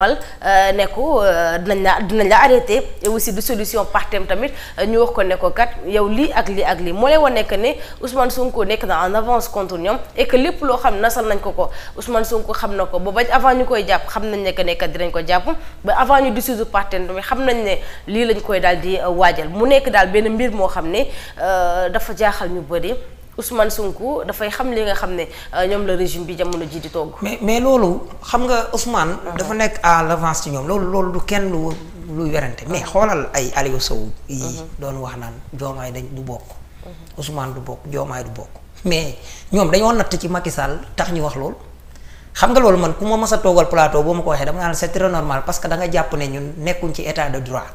Euh, ne ko euh, dinañ la dinañ la arrêté aussi du solution partem tamit euh, ñu wax ko ne ko kat yow lii ak lii ak lii moo lay wane que ne Ousmane Sonko nekk na en avance contre lépp loo xam nasal nañ ko ko Ousmane Sonko xam na ko ba ba avant ñu koy jàpp xam nañ ne que ne dinañ ko jàpp ba avant ñu dissoudre partem tamit xam nañ ne lii lañ koy daal di waajal mu nekk daal benn mbir moo xam ne dafa jaaxal ñu bëri. Ousmane Sonko dafay xam li nga xam ne euh, ñoom la régime bi jamono ji di togg. mais mais loolu xam nga Ousmane. Ah. dafa nekk à l'avance ci ñoom loolu loolu du kenn lu luy werante mais ah. xoolal ay Aliou Sow yi ah. doon wax naan joomaay dañ du bokk. Ousmane du bokk joomaay du bokk. mais ñoom dañoo natt ci Macky Sall tax ñu wax loolu. xam nga loolu man ku ma mës a toogal plateau boo ma ko waxee dama naan c'est très normal parce que da nga jàpp ne ñun nekkuñ ci état de droit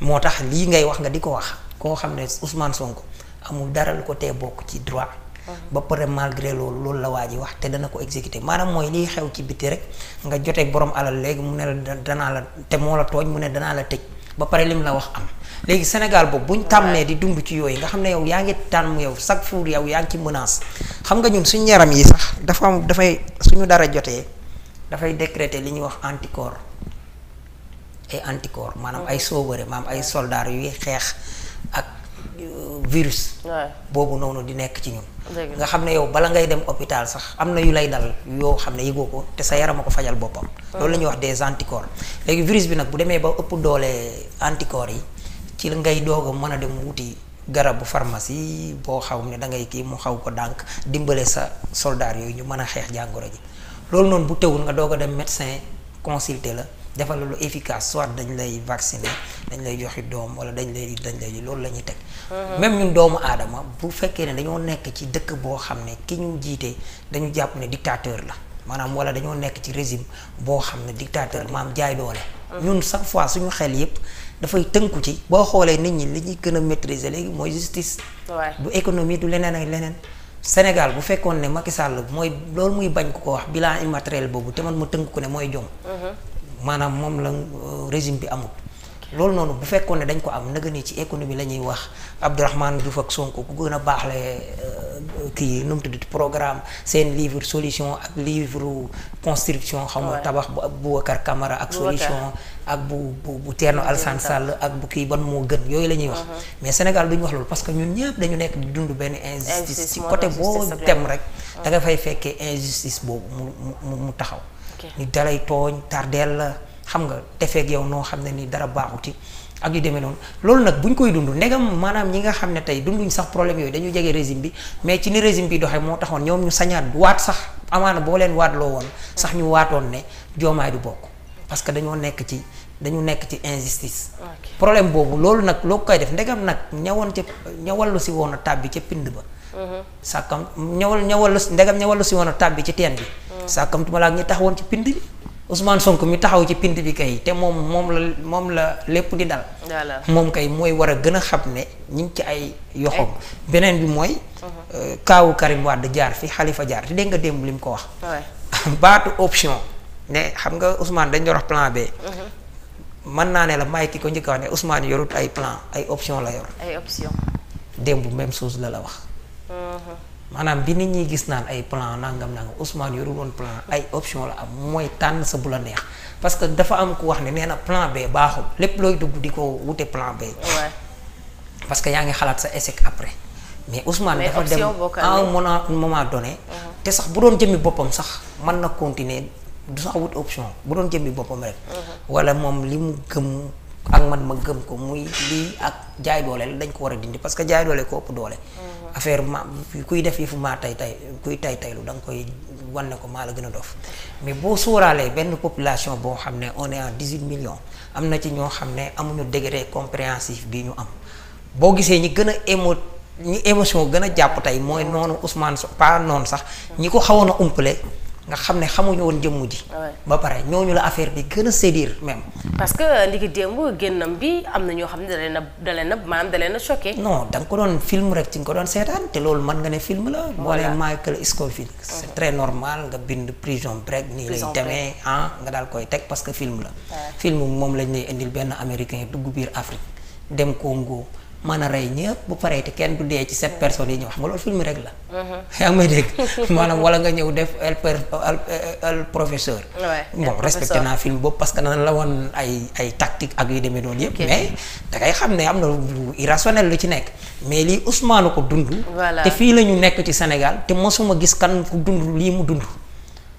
moo tax lii ngay wax nga di ko wax koo xam ne Ousmane Sonko amul dara lu ko tee bokk ci droit. ba pare malgré loolu loolu la waa ji wax te dana ko exécuter maanaam mooy liy xew ci biti rek nga jotee borom alal léegi mu ne la danaa la te moo la tooñ mu ne danaa la tëj ba pare lim la wax am. léegi Sénégal boobu bu ñu tàmmee di dund ci yooyu nga xam ne yow yaa ngi tàmm yow chaque jour yow yaa ngi ci menace xam nga ñun suñ yaram yi sax dafa am dafay suñu dara jotee dafay décréter li ñuy wax anticorps ay anticorps maanaam ay mm-hmm. soobare maanaam ay soldats yuy xeex. virus. boobu noonu di nekk ci ñun. nga xam ne yow bala ngay dem hôpital sax am na yu lay dal yoo xam ne yëgoo ko te sa yaram a ko fajal boppam. Mm. loolu la ñuy wax des anticorps léegi virus bi nag bu demee ba ëpp doole anticorps yi ci ngay doog a mën a dem wuti. garabu pharmacie boo xaw ne da ngay kii mu xaw ko dànk dimbale sa soldaar yooyu ñu mën a xeex jàngoro ji loolu noonu bu teewul nga doog dem médecin consulter la defal lu efficace soit dañ lay vacciner dañ lay joxi doom wala dañ lay dañ lay loolu la ñuy teg. Mhm. même ñun doomu aadama bu fekkee ne dañoo nekk ci dëkk boo xam ne ki ñu jiite dañu jàpp ne dictateur la maanaam wala dañoo nekk ci régime boo xam ne dictateur maam jaay doole. Mhm. ñun chaque fois suñu xel yépp dafay tënku ci boo xoolee nit ñi li ñuy gën a maîtriser léegi mooy justice. du économie du leneen ak leneen. Sénégal bu fekkoon ne Macky Sall mooy loolu muy bañ ko ko wax bilan immatériel boobu te man mu tënk ko ne mooy jom. Mhm. maanaam moom la euh, régime bi amul loolu noonu bu fekkoon ne dañ ko am naga ni ci économie la ñuy wax Abdourahmane Diouf ak Sonko ku gën a baax baaxle euh, kii nu mu tudd programme seen livre solution ak livre construction xam nga tabax bu Boubacar Camara ak solution ak bu bu bu Thierno Alassane Sall ak bu kii ban moo gën yooyu la ñuy wax uh-huh. mais Sénégal ñu wax loolu parce que ñun ñëpp dañu nekk di dund benn injustice ci côté boo tem rek uh-huh. da nga fay fekkee injustice boobu mu mu mu taxaw ñu dalay tooñ tardeel la xam nga defeek yow noo xam ne ni dara baaxuti ak yu demee noonu loolu nag bu ñu koy dund ndegam maanaam ñi nga xam ne tey dunduñ sax problème yooyu dañu jege régime bi mais ci ni régime bi doxee moo taxoon ñoom ñu sañaat waat sax amaana boo leen waat loo woon sax ñu waatoon ne joomaay du bokk parce que dañoo nekk ci dañu nekk ci injustice problème boobu loolu nag loo koy def ndegam nag ñawoon ca ñawallu si woon a tàbbi ca pind ba mhm. sàkkam ñawal ñawallu ndegam ñawallu si woon a tàbbi ci teen sàkkamtuma laa ak ñi taxawoon ci pind bi Ousmane sonk mi taxaw ci pind bi kay te moom moom la moom la lépp di dal moom kay mooy war a gën a xam ne ñu ngi ci ay yoxoom beneen bi mooy uh-huh. euh, kaawu Karim Wade jaar fi xalifa jaar te dégg nga démb li mu ko wax baatu option ne xam nga Ousmane dañ doon wax plan B uh-huh. mën naa ne la may ki ko njëkk wax ne Ousmane yorut ay plan ay option la yor ay option démb même chose la la wax uh-huh. maanaam bi nit ñi gis naan ay plan nangam nangam Ousmane yorul woon plan ay option la am mooy tànn sa bu la neex parce que dafa am ku wax ne nee na plan B baaxul lépp looy dugg di ko wute plan B. parce que yaa ngi xalaat sa échec après. mais Ousmane dafa dem a un moment donné. Uh-huh. te sax bu doon jëmmi boppam sax man na continuer du sax wut option bu doon jëmmi boppam rek. Uh-huh. wala moom li mu gëm. ak man ma gëm ko muy lii ak jaay dooleel dañ ko war a dindi parce que jaay doole ko ëpp doole. Mhm. affaire ma kuy def yëfu maa tay tay kuy tay taylu da koy wan ne ko maa la gën a dof mais boo sóoraalee benn population boo xam ne on est à dix am na ci ñoo xam ne amuñu degré compréhensif bi ñu am boo gisee ñi gën a émo ñi émotion gën a jàpp tey mooy mhm. noonu Ousmane pas noonu sax ñi ko xawoon a umpale nga xam ne xamuñu woon jëmm ji. ba pare ñooñu la affaire bi gën a sédir même. parce que ndiki démb génnam bi am na ñoo xam ne da leen a da leen a maanaam leen a non da ko doon film rek ci nga ko doon seetaan te loolu mën nga ne film la. voilà boo Michael Scofield. c'est mm-hmm. très normal nga bind prison break. nii lay demee ah nga daal koy teg parce que film la. film moom lañ lay indil benn américain dugg biir Afrique dem Congo. mën a rey ñëpp bu paree te kenn du dee ci sept personnes yi ñëw xam nga loolu film rek la. Uh-huh. yaa ngi may dégg. maanaam wala nga ñëw def el per el professeur. bon respecté naa film boobu parce que nan la woon ay ay tactique ak yu demee noonu yëpp. mais da xam ne am na lu irrationnel lu ci nekk. mais lii Ousmane ko dund. te fii la ñu nekk ci Sénégal te mosuma gis kan ku dund lii mu dund.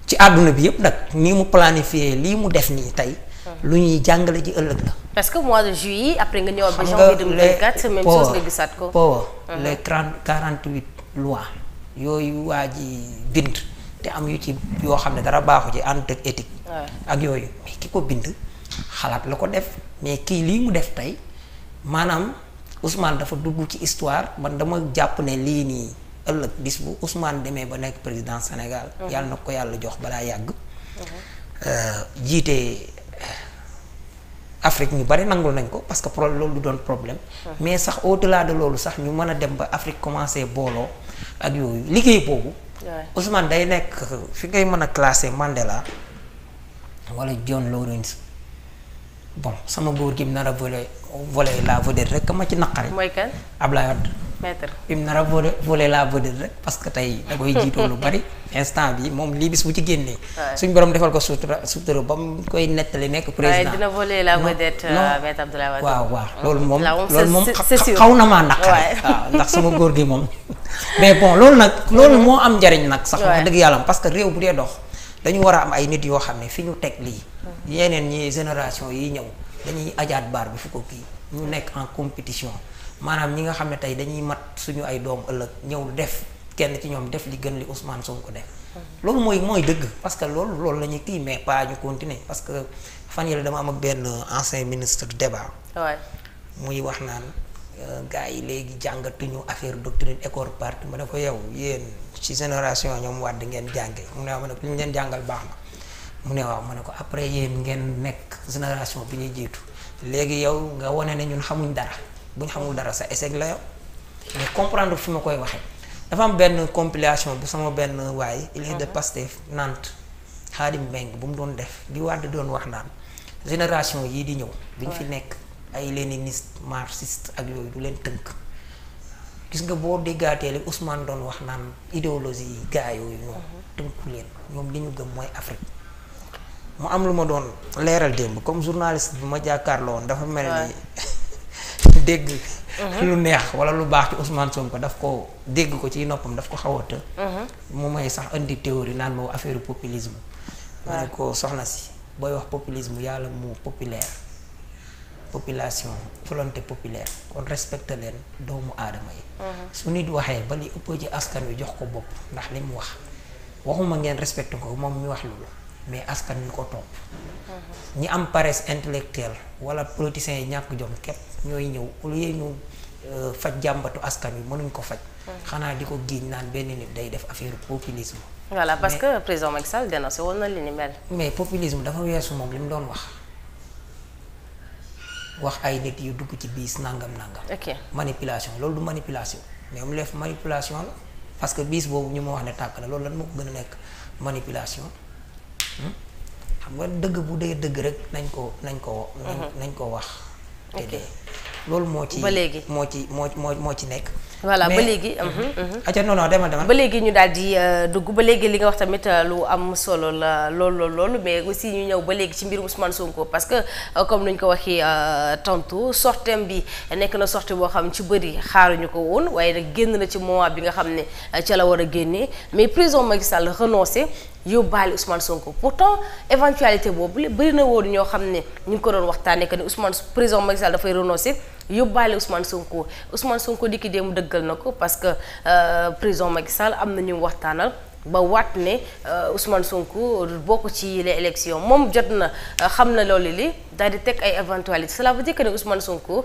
ci àdduna bi yëpp nag nii mu planifier lii mu def nii tey. lu ñuy jàngale ji ëllëg la. parce que mois de après nga ñëwaat ba janvier 2024 même chose nga gisaat ko. po uh-huh. les trente quarante huit lois yooyu waa ji bind te am yu ci yoo xam ne dara baaxu ci ànd ak ak yooyu mais ki ko bind xalaat la ko def mais kii lii mu def tey maanaam Ousmane dafa dugg ci histoire man dama jàpp ne lii nii. ëllëg bis bu Ousmane demee ba nekk président Sénégal. Uh-huh. yàlla na ko yàlla jox balaa yàgg. Uh-huh. Euh, jiite Afrique ñu bari nangul nañ ko parce que pro loolu doon problème mais sax au delà de loolu sax ñu mën a dem ba Afrique commencé booloo ak yooyu liggéey boobu Ousmane day nekk fi ngay mën a classé Mandela wala John Lawrence bon sama góor gi nar a volé volé la vedette rek ma ci naqari. mooy kan Ablaye maître bi mu nar a volé volé la vedette rek parce que tey da koy jiitoo lu bari instant bi moom lii bis bu ci génnee. suñ borom defal ko sutura sutura ba mu koy nettali nekk président. dina volé la vedette euh, maître Abdoulaye waaw waaw loolu moom. loolu moom xaw na ma naqare. waaw ndax sama góor gi moom. mais bon loolu nag. loolu moo am njariñ nag. sax wax dëgg yàlla parce que réew bu dee dox. dañu war a am ay nit yoo xam ne fi ñu teg lii. Mm. yeneen ñi génération yi ñëw dañuy ajaat baar bi kii ñu nekk en compétition. maanaam ñi nga xam ne tey dañuy mat suñu ay doom ëllëg ñëw def kenn ci ñoom def li gën li Ousmane ko def. loolu mooy mooy dëgg parce que loolu loolu la ñuy kii mais pas ñu continuer parce que fan yële dama am ak benn ancien ministre débat. muy wax naan euh, gars yi léegi jàngatuñu affaire doctrine école parti ma ne ko yow yéen ci génération ñoom wàdd ngeen jàngee mu ne waaw ma ne ko li ñu leen jàngal baax na mu ne waaw ma ne ko après yéen ngeen nekk génération bi ñuy jiitu léegi yow nga wane ne ñun xamuñ dara. bu ñu xamul dara sa échec la yow mais comprendre fu ma koy waxee dafa am benn compilation bu sama benn waay il est de nant mhm. Nantes Xaadim Mbengue bu mu doon def di wàdd doon wax naan génération yii di ñëw bi ñu fi nekk ay léniniste marxiste ak yooyu du leen tënk gis nga boo déggaatee li Ousmane doon wax naan idéologie yi gaa ñoom mhm. tënku leen ñoom li ñu gëm mooy Afrique mu am lu ma doon leeral démb comme journaliste bi ma jàkkaarloo woon dafa mel dégg mhm. lu neex wala lu baax ci Ousmane ko daf ko dégg ko ci noppam daf ko xaw a të mu mhm. may sax indi théorie naan moo affaire populisme ma ko soxna si booy wax populisme yàlla mu populaire population volonté populaire kon respecté leen doomu aadama yi mhm. su nit waxee ba li ëpp ci askan wi jox ko bopp ndax li mu wax waxuma ngeen respecté ko moom mi wax loolu mais askan wi ko topp mhm. ñi am paresse intellectuelle wala politiciens yi ñàkk jom képp ñooy ñëw au lieu ñu euh, faj jàmbatu askan wi mënuñ ko faj mhm. xanaa di ko giiñ naan benn nit day def affaire populisme voilà parce que président Macky Sall dénoncé woon na li ni mel mais populisme dafa weesu moom li mu doon wax wax ay nit yu dugg ci biis nangam nangam manipulation loolu du manipulation mais mu leef manipulation la parce que biis boobu ñu ma wax ne tàkk la loolu lan moo ko gën a nekk manipulation xam nga dëgg bu dee dëgg rek nañ ko nañ ko nañ mhm. ko wax. te loolu moo ci ba léegi moo ci moo moo moo ci nekk. voilà ba léegi. Mhm, mhm. Mhm. atia non non demal demal. ba léegi ñu daal di euh, dugg ba léegi li nga wax tamit euh, lu am solo la lool loolu mais aussi ñu ñëw ba léegi ci mbirum Ousmane Sonko parce que euh, comme nuñ ko waxee tantôt sortem bi nekk na sorte boo xam ci bëri xaaruñu ko woon waaye nag génn na ci moment bi nga xam ne ca la war a génnee mais prison Macky Sall renoncé. yóbbaale Ousmane Sonko pourtant éventualité boobu bëri na woon ñoo xam ne ñu ngi ko doon waxtaanee que ni Ousmane président Macky Sall dafay renoncer yóbbaale Ousmane Sonko Ousmane Sonko di ki mu dëggal na ko parce que euh, président Macky Sall am na ñu waxtaanal ba waat ne euh, Ousmane Sonko bokk ci les élections moom jot na euh, xam na loolu li daal di teg ay éventualité cela veut dire que ne Ousmane Sonko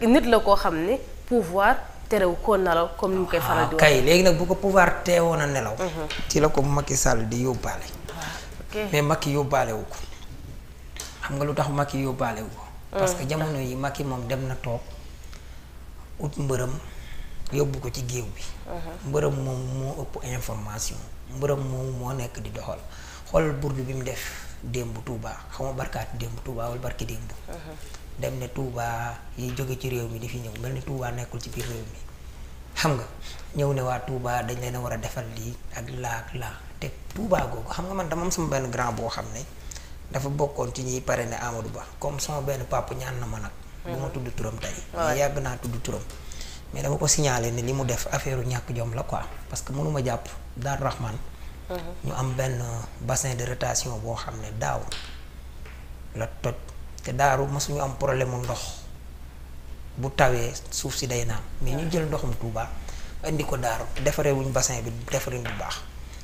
nit la koo xam ne pouvoir terew ko nelaw comme ni mu koy faral di ah, kay léegi nag bu ko pouvoir teewoon a nelaw. Mhm. ci la ko Macky Sall di yóbbaale. mais Macky yóbbaale ko. xam nga lu tax Macky yóbbaale wu parce que euh. jamono yi mag yi moom dem na toog ut mbërëm yóbbu ko ci géew bi. Uh-huh. mbërëm moom moo ëpp information mbërëm moom moo nekk di doxal xool burdu bi mu def démb tuubaa xam nga démb Touba barki démb. Uh-huh. ne Touba yi jóge ci réew mi di fi ñëw mel ni Touba nekkul ci biir réew mi xam nga ñëw ne waa tuubaa dañ leen a war a defal lii ak laa ak laa te Touba googu xam nga man dama am sama benn grand boo xam ne. dafa bokkoon ci ñiy parrainé Amadou Ba comme sama benn papa ñaan na ma nag. bu ma tudd turam tey. waaw yàgg naa tudd turam. mais dama ko signalé ne li mu def affaire ñàkk jom la ko parce que mënuma jàpp Darou Rahman. Mhm. ñu am benn bassin de rotation boo xam ne daaw la toj te daaru ma suñu am problème mu ndox bu tawee suuf si day naan mais ñu jël ndoxum Touba indi ko daaru defarewuñ bassin bi defaree bu baax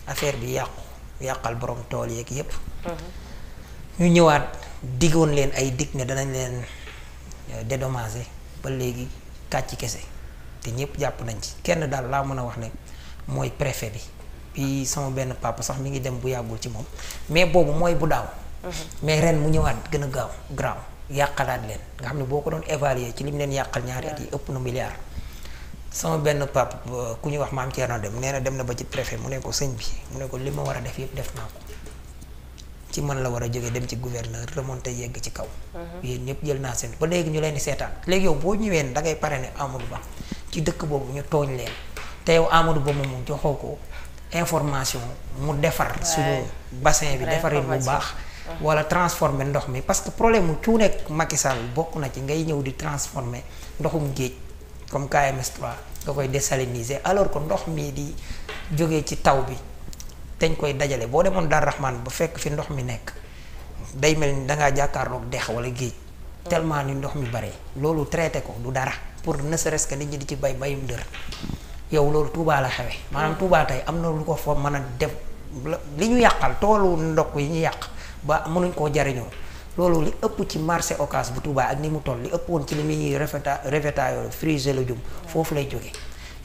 affaire bi yàqu yàqal borom tool yeeg yépp mhm. ñu ñëwaat diggoon leen ay dig ne danañ leen euh, dédommager ba léegi kàcc kese te ñëpp jàpp nañ ci kenn daal laa mën a wax ne mooy préfet bi bi sama benn papa sax mi ngi dem bu yàggul ci moom mais boobu mooy bu daaw. Mhm. mais ren mu ñëwaat gën a gaaw graaw yàqalaat leen nga xam ne boo ko doon évaluer ci li mu leen yàqal ñaari yi ëpp nu milliard. sama benn pap euh, ku ñu wax maam Thierno dem nee na dem na ba ci préfet mu ne ko sëñ bi mu ne ko li ma war a def yëpp def naa ci man la war a jógee dem ci gouverneur remonté yegg ci kaw. Mhm. yéen ñëpp jël naa seen ba léegi ñu leen di seetaan léegi yow boo ñëwee da ngay pare ne Amadou Ba ci dëkk boobu ñu tooñ leen te yow Amadou Ba moom joxoo ko information mu defar. suñu bassin bi defarin bu baax. Mhm. wala transformer ndox mi parce que problème mu cu nekk Macky Sall bokk na ci ngay ñëw di transformer ndoxum géej comme KMS 3 nga koy désaliniser alors que ndox mii di jógee ci taw bi. dañ koy dajale boo demoon Daaru Rahman ba fekk fi ndox mi nekk day mel ni dangaa jàkkaarlook dex wala géej tellement ni ndox mi bare loolu traité ko du dara pour ne serait-ce nit ñi di ci bay bayum dër yow loolu Touba la xewe maanaam Touba tey am na lu ko fa mën a def li ñu yàqal toolu ndokk yi ñu yàq ba mënuñ koo jariñoo loolu li ëpp ci marché Ocass bu Touba ak ni mu toll li ëpp woon ci li muy revêta revêta yooyu frisé la jum foofu lay jóge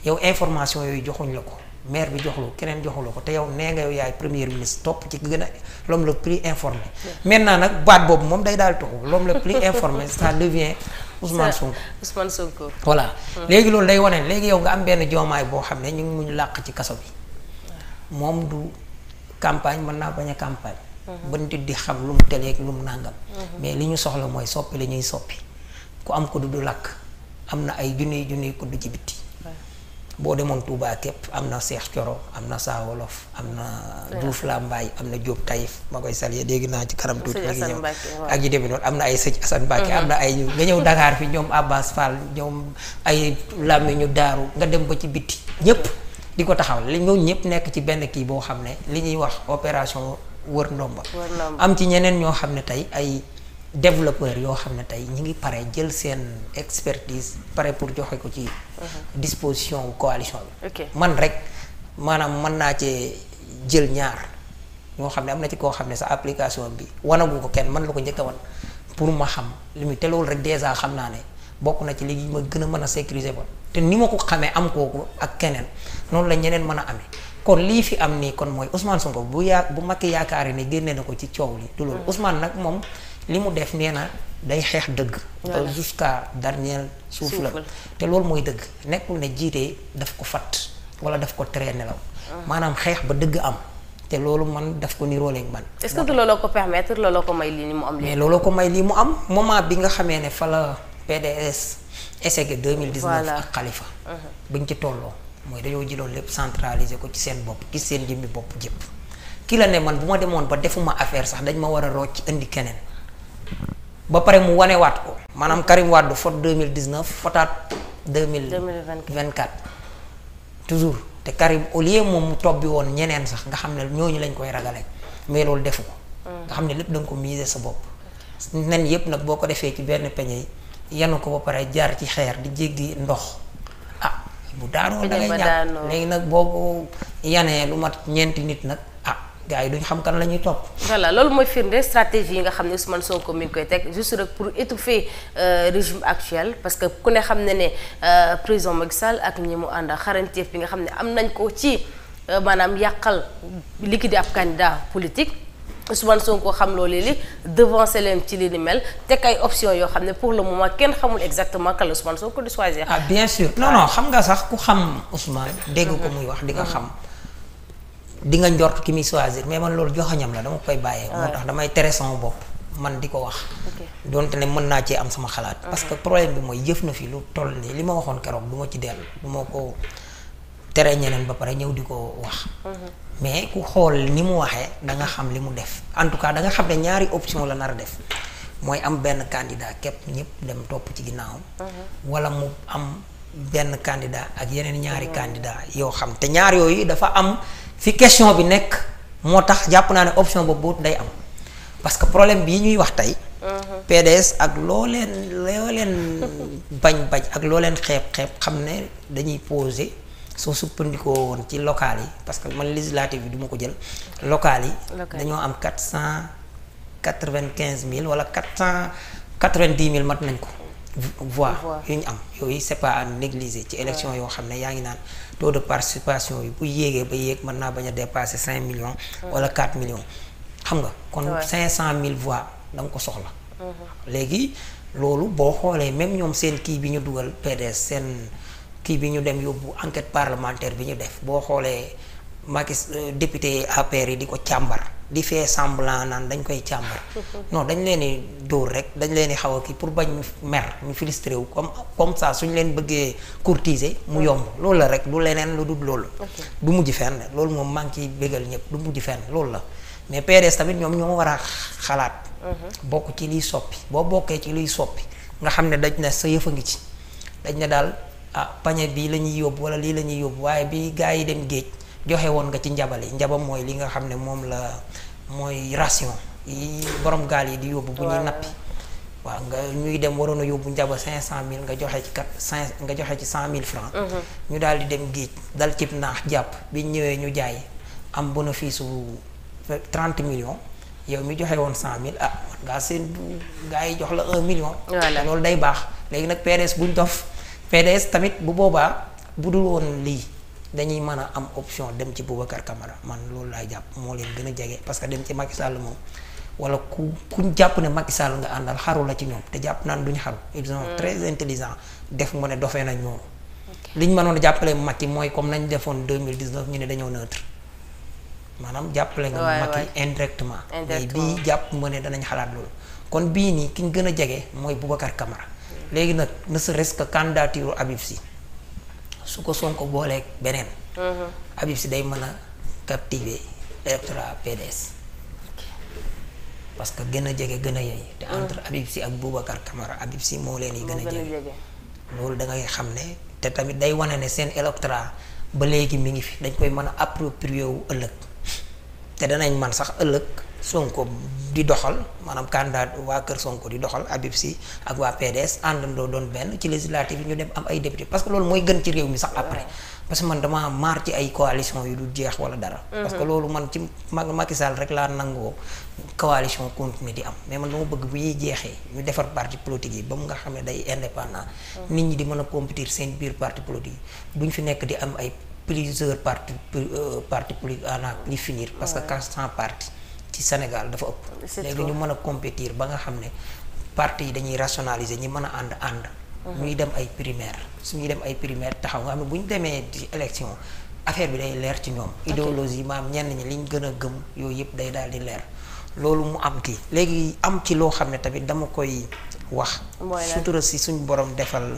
yow information yooyu joxuñ la ko maire bi joxlu keneen joxlu ko te yow nee nga yow yaay premier ministre topp ci gën a l'homme le plus informé. maintenant nag baat boobu moom day daal toxu l'homme le plus informé ça devient Ousmane Sonko. Ousmane voilà léegi loolu day léegi yow nga am benn joomaay boo xam ne ñu ngi muñ làq ci kaso bi moom du campagne mën naa bañ a campagne. Mm-hmm. ba nit di xam lu mu teleeg lu mu nàngam. Mm-hmm. mais li ñu soxla mooy soppi li ñuy soppi ku am ko du du làkk am na ay junniy junniy kudd ci bitti. boo demoon Touba képp am na Seex Coro am na Saa Wolof am na Diouf Lambaay am na jóob Taïf ma koy salye dégg naa ci kanam tuuti ngi ñëw ak yi demee noonu am na ay sëñ Assane Mbacke mm-hmm. am na ay nga ñëw dakaar fi ñoom Abbas Fall ñoom ay làmmi ñu daaru nga dem ba ci bitti ñépp di ko taxaw li ñoo ñëpp nekk ci benn kii boo xam ne li ñuy wax opération wër ndomba am ci ñeneen ñoo xam ne tey ay développeur yoo xam ne tey ñu ngi pare jël seen expertise pare pour joxe ko ci mhm. disposition coalition bi man rek maanaam mën naa cee jël ñaar ñoo xam ne am na ci koo xam ne sa application bi wanagu ko kenn man la ko njëkk a wan pour ma xam li muy te loolu rek dèjà xam naa ne bokk na ci léegi ma gën a mën a sécuriser ba te ni ma ko xamee am kooku ak keneen noonu la ñeneen mën a amee kon lii fi am nii kon mooy Ousmane Sonko bu yaa bu mag yaakaar ne génne na ko ci coow li loolu mhm. Ousmane nag moom li mu def nee na day xeex dëgg. ba jusqu'à dernier souffle la te loolu mooy dëgg nekkul ne jiite daf ko fat wala daf ko tere nelaw. Ah. maanaam xeex ba dëgg am. te loolu man daf ko niroo léegi man. est-ce que looloo ko permettre looloo ko may lii ni mu am. mais looloo ko may lii mu am moment bi nga xamee ne fa la PDS échec 2019 ak xalifa uh-huh. bañ ci tolloo mooy dañoo jëloon lépp centraliser ko ci seen bopp ci seen jëmmi bopp jëpp. ki la ne man bu ma demoon ba defuma affaire sax dañ ma war a rocc indi keneen. ba pare mu wanewaat ko maanaam Karim Wade fot 2019 fotaat 2024 toujours te Karim au lieu moom mu tobbi woon ñeneen sax nga xam ne ñooñu lañ koy ragale mais loolu defu ko mm. nga xam ne lépp da ko miser sa bopp nen yépp nag boo ko defee ci benn peñe yi yanu ko ba pare jaar ci xeer di jéggi ndox ah bu daanoo da ngay léegi nag boo ko yanee lu mat ñeenti nit nag gars yi duñ xam kan la ñuy topp. voilà loolu mooy firnde stratégie yi nga xam ne Ousmane Sonko mi ngi koy teg juste rek pour étouffer euh, régime actuel parce que ku ne xam ne ne euh, président Macky Sall ak ñi mu ànd xarañteef bi nga xam ne am nañ ko ci euh, maanaam yàqal liquider ab candidat politique. Ousmane Sonko xam loolu li devancé leen ci lii ni mel teg ay option yoo xam ne pour le moment kenn xamul exactement kan la Ousmane Sonko di choisir. ah bien sûr non non xam nga sax ku dégg ko muy wax di nga xam. Mm-hmm. di nga njort ki muy choisir mais man loolu joxañam la dama koy bàyyee. Ah. moo tax damay tere sama bopp man di ko wax. donte ne mën naa cee am sama xalaat. parce que problème bi mooy jëf na fi lu toll nii li ma waxoon keroog du ma ci dellu du ma ko tere ñeneen ba pare ñëw di ko wax. Mhm. mais ku xool ni mu waxee da nga xam li mu def en tout cas da nga xam ne ñaari option la nar a def mooy am benn candidat képp ñëpp dem topp ci ginnaawam. Mhm. wala mu am benn candidat ak yeneen ñaari mhm. candidat yoo xam ñaar yooyu dafa am. fi question bi nekk moo tax jàpp naa ne option boobu day am parce que problème bi ñuy wax tey. PDS ak loo leen bañ bañ ak loo leen xeeb xeeb xam ne dañuy poser soo sukkandikoo woon ci local yi parce que man législative bi duma ko jël. local yi. dañoo am quatre cent quatre vingt quinze mille wala quatre cent quatre vingt dix mille mat nañ ko. voix yu ñu am yooyu c'est pas à négliger ci élection yoo xam ne yaa ngi naan. taux de participation yi bu yéegee ba yéeg mën naa bañ a dépasé cinq millions. wala quatre millions. xam nga kon cinq cent mille voix danga ko soxla. Mhm. léegi loolu boo xoolee même ñoom seen kii bi ñu dugal PDS seen kii bi ñu dem yóbbu enquête parlementaire bi ñu def boo xoolee makis euh, député APR yi di ko càmbar. di fee semblant naan dañ koy càmbar. non dañ leen di dóor rek dañ leen di xaw a kii pour bañ ñu mer ñu frustré wu comme comme ça suñ leen bëggee courtiser mu mm. yomb loolu la rek du leneen lu dul loolu. du mujj fenn loolu moom maa ngi ciy bégal ñëpp du mujj fenn loolu la mais PDS tamit ñoom ñoo war a xalaat. Mm-hmm. bokk ci liy soppi boo bokkee ci luy soppi nga xam ne dañ ne sa yëfa ngi ci dañ ne daal ah pañe bii la ñuy yóbbu wala lii la ñuy yóbbu waaye bi gaa yi dem géej. joxe woon nga ci yi njabam mooy li nga xam ne moom la mooy ration yi borom gaal yi di yóbbu bu ñuy nappi waaw nga ñuy dem waroon a yóbbu njaba cinq cent mille nga joxe ci quatre cinq nga joxe ci cent mille francs mhm. ñu daal di dem géej dal cib naax jàpp biñ ñu jaay am bénéfice wu trente millions yow mi joxe woon cent mille ah man ngaa seen gaa yi jox la un million loolu day baax léegi nag PDS buñ dof PDS tamit bu boobaa bu dul woon lii dañuy mën a am option dem ci Boubacar kamara man loolu laay jàpp moo leen gën a jege parce que dem ci Macky Sall moom wala ku ku jàpp ne mag i Sall nga àndal xaru la ci ñoom te jàpp naan duñ xaru. ils sont hmm. très intelligents def mu ne dofee nañ ñoom. li ñu mënoon a jàppale Macky mooy comme nañ defoon deux mille dix neuf ñu ne dañoo neutre maanaam jàppale nga Macky indirectement mais bii jàpp ma ne danañ xalaat loolu kon bii nii ki ñu gën a jege mooy Boubacar kamara hmm. léegi nag ne serait-ce que candidature Habib Sy su ko Sonko booleeg beneen. Mhm. Habib Sy day mën a captiver électorat PDS. parce que gën a jege gën a yey. te mhm. entre Habib Sy ak Boubacar Camara Habib Sy moo leen yi gën a jege. loolu da ngay xam ne te tamit day wane ne seen électorat ba léegi mi ngi fi dañ koy mën a approprier wu ëllëg te danañ man sax ëllëg. Sonko di doxal maanaam candidat waa Kër Sonko di doxal Habib Sy ak waa PDS àndandoo doon benn ci législative yi ñu dem am ay député parce que loolu mooy gën ci réew mi sax après parce que man damaa maar ay coalition yu du jeex wala dara. Mhm. parce que loolu man ci Macky Sall rek laa nangoo coalition continue di am mais man dama bëgg bu ñuy jeexee ñu defar parti politique yi ba mu nga xam ne day indépendant. Mhm. nit ñi di mën a compétir seen biir parti politique yi duñ fi nekk di am ay plusieurs parti euh, parti politique à ah, n'en plus finir parce que sans parti. ci Sénégal dafa ëpp léegi ñu mën a compétir ba nga xam ne parti yi dañuy rationaliser ñi mën a ànd ànd mhm. ñuy dem ay primaire suñuy dem ay primaire taxaw nga xam ne bu ñu demee ci élection affaire bi day leer ci ñoom idéologie maam ñenn ñi liñ gën a gëm yooyu yëpp day daal di leer loolu mu am kii léegi am ci loo xam ne tamit dama koy wax sutura si suñ borom defal